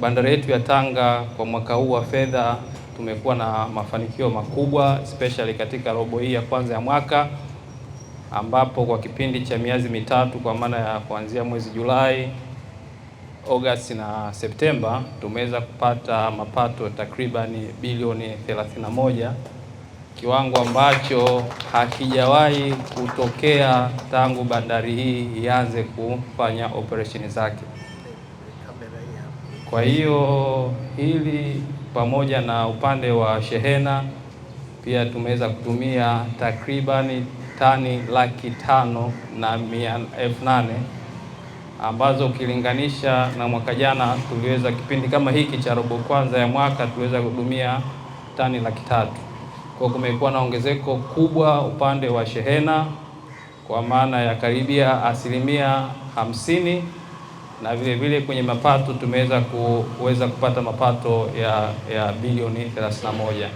bandari yetu ya Tanga kwa mwaka huu wa fedha tumekuwa na mafanikio makubwa especially katika robo hii ya kwanza ya mwaka ambapo kwa kipindi cha miezi mitatu kwa maana ya kuanzia mwezi Julai, August na Septemba tumeweza kupata mapato takribani bilioni 31, kiwango ambacho hakijawahi kutokea tangu bandari hii ianze kufanya operesheni zake. Kwa hiyo hili pamoja na upande wa shehena pia tumeweza kutumia takribani tani laki tano na mia elfu nane ambazo ukilinganisha na mwaka jana tuliweza kipindi kama hiki cha robo kwanza ya mwaka tuliweza kuhudumia tani laki tatu. Kwa kumekuwa na ongezeko kubwa upande wa shehena kwa maana ya karibia asilimia hamsini na vile vile kwenye mapato tumeweza kuweza kupata mapato ya, ya bilioni 31.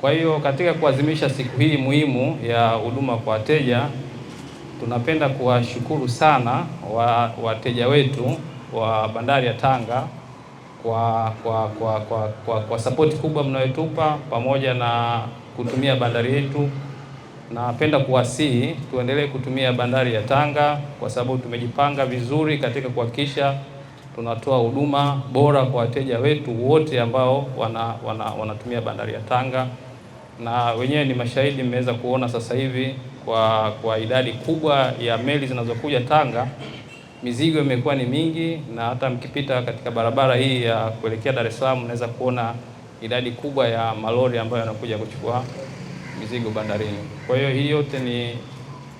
Kwa hiyo katika kuadhimisha siku hii muhimu ya huduma kwa wateja, tunapenda kuwashukuru sana wateja wetu wa bandari ya Tanga kwa, kwa, kwa, kwa, kwa, kwa sapoti kubwa mnayotupa pamoja na kutumia bandari yetu Napenda kuwasihi tuendelee kutumia bandari ya Tanga kwa sababu tumejipanga vizuri katika kuhakikisha tunatoa huduma bora kwa wateja wetu wote ambao wana, wana, wanatumia bandari ya Tanga, na wenyewe ni mashahidi, mmeweza kuona sasa hivi kwa, kwa idadi kubwa ya meli zinazokuja Tanga, mizigo imekuwa ni mingi, na hata mkipita katika barabara hii ya kuelekea Dar es Salaam, unaweza kuona idadi kubwa ya malori ambayo yanakuja kuchukua mizigo bandarini. Kwa hiyo hii yote ni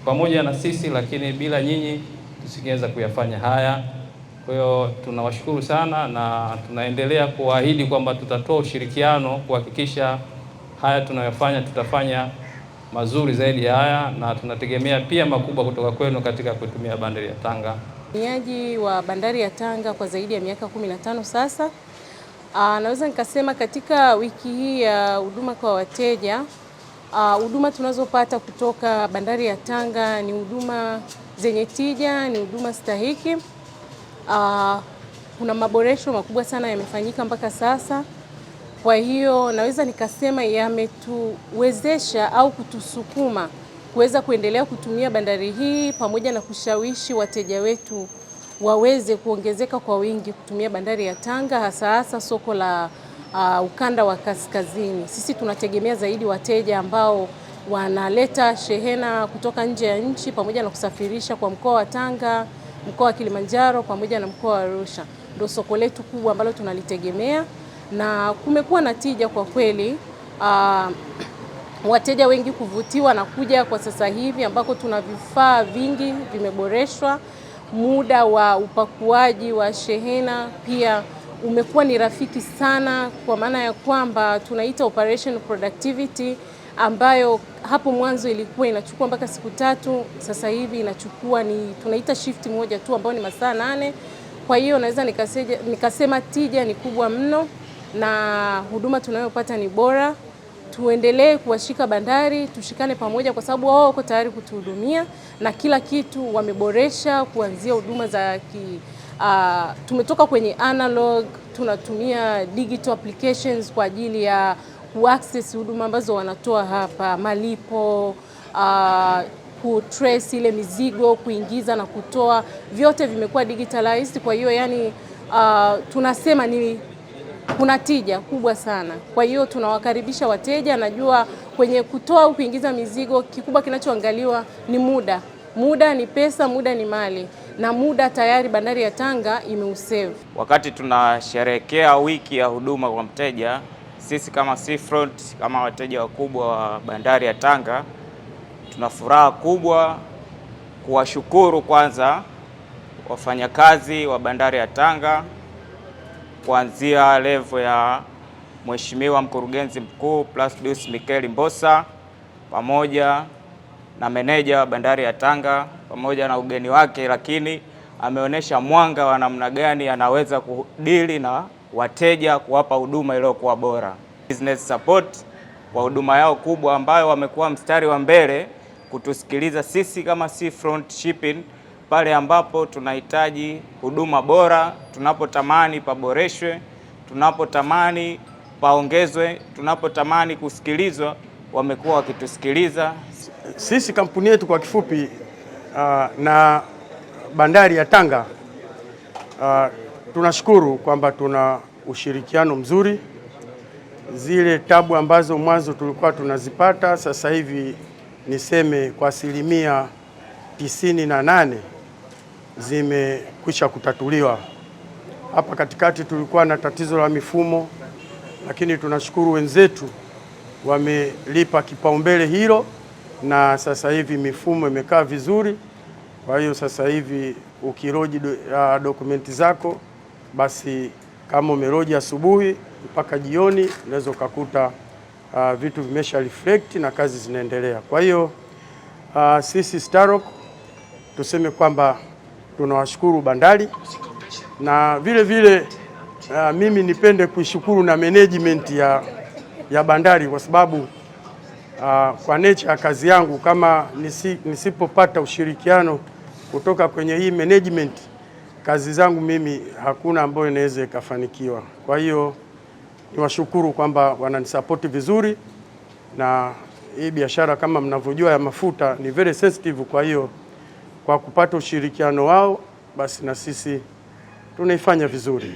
pamoja na sisi, lakini bila nyinyi tusingeweza kuyafanya haya. Kwa hiyo tunawashukuru sana na tunaendelea kuahidi kwamba tutatoa ushirikiano kuhakikisha haya tunayofanya tutafanya mazuri zaidi ya haya, na tunategemea pia makubwa kutoka kwenu katika kutumia bandari ya Tanga. Mtumiaji wa bandari ya Tanga kwa zaidi ya miaka 15 sasa. Aa, naweza nikasema katika wiki hii ya huduma kwa wateja Uh, huduma uh, tunazopata kutoka bandari ya Tanga ni huduma zenye tija, ni huduma stahiki. Uh, kuna maboresho makubwa sana yamefanyika mpaka sasa. Kwa hiyo naweza nikasema yametuwezesha au kutusukuma kuweza kuendelea kutumia bandari hii pamoja na kushawishi wateja wetu waweze kuongezeka kwa wingi kutumia bandari ya Tanga hasa hasa soko la uh, ukanda wa kaskazini. Sisi tunategemea zaidi wateja ambao wanaleta shehena kutoka nje ya nchi pamoja na kusafirisha kwa mkoa wa Tanga, mkoa wa Kilimanjaro pamoja na mkoa wa Arusha. Ndio soko letu kubwa ambalo tunalitegemea na kumekuwa na tija kwa kweli. Uh, wateja wengi kuvutiwa na kuja kwa sasa hivi ambako tuna vifaa vingi vimeboreshwa, muda wa upakuaji wa shehena pia umekuwa ni rafiki sana, kwa maana ya kwamba tunaita operation productivity ambayo hapo mwanzo ilikuwa inachukua mpaka siku tatu, sasa hivi inachukua ni tunaita shift moja tu ambayo ni masaa nane. Kwa hiyo naweza nikasema, tija ni kubwa mno na huduma tunayopata ni bora. Tuendelee kuwashika bandari, tushikane pamoja, kwa sababu wao wako tayari kutuhudumia na kila kitu wameboresha, kuanzia huduma za ki uh, tumetoka kwenye analog tunatumia digital applications kwa ajili ya kuaccess huduma ambazo wanatoa hapa, malipo uh, kutrace ile mizigo, kuingiza na kutoa, vyote vimekuwa digitalized. Kwa hiyo yani, uh, tunasema ni kuna tija kubwa sana. Kwa hiyo tunawakaribisha wateja. Najua kwenye kutoa au kuingiza mizigo, kikubwa kinachoangaliwa ni muda. Muda ni pesa, muda ni mali, na muda tayari bandari ya Tanga imeusave. Wakati tunasherehekea wiki ya huduma kwa mteja, sisi kama Seafront, kama wateja wakubwa wa bandari ya Tanga, tuna furaha kubwa kuwashukuru kwanza wafanyakazi wa bandari ya Tanga kuanzia levo ya Mheshimiwa mkurugenzi mkuu Plasduce mikeli mbosa pamoja na meneja wa bandari ya Tanga pamoja na ugeni wake, lakini ameonyesha mwanga wa namna gani anaweza kudili na wateja, kuwapa huduma iliyokuwa bora. Business support kwa huduma yao kubwa ambayo wamekuwa mstari wa mbele kutusikiliza sisi kama Seafront Shipping pale ambapo tunahitaji huduma bora, tunapotamani paboreshwe, tunapotamani paongezwe, tunapotamani kusikilizwa, wamekuwa wakitusikiliza. Sisi kampuni yetu kwa kifupi uh, na bandari ya Tanga uh, tunashukuru kwamba tuna ushirikiano mzuri. Zile tabu ambazo mwanzo tulikuwa tunazipata sasa hivi niseme kwa asilimia tisini na nane zimekwisha kutatuliwa. Hapa katikati tulikuwa na tatizo la mifumo, lakini tunashukuru wenzetu wamelipa kipaumbele hilo na sasa hivi mifumo imekaa vizuri. Kwa hiyo sasa hivi ukiroji do, uh, dokumenti zako basi kama umeroji asubuhi mpaka jioni unaweza ukakuta uh, vitu vimesha reflect na kazi zinaendelea. Kwa hiyo uh, sisi Starock tuseme kwamba tunawashukuru bandari na vile vile uh, mimi nipende kuishukuru na management ya, ya bandari kwa sababu Ah, kwa nature ya kazi yangu kama nisi, nisipopata ushirikiano kutoka kwenye hii management kazi zangu mimi hakuna ambayo inaweza ikafanikiwa. Kwa hiyo niwashukuru kwamba wananisapoti vizuri, na hii biashara kama mnavyojua ya mafuta ni very sensitive. Kwa hiyo kwa kupata ushirikiano wao, basi na sisi tunaifanya vizuri.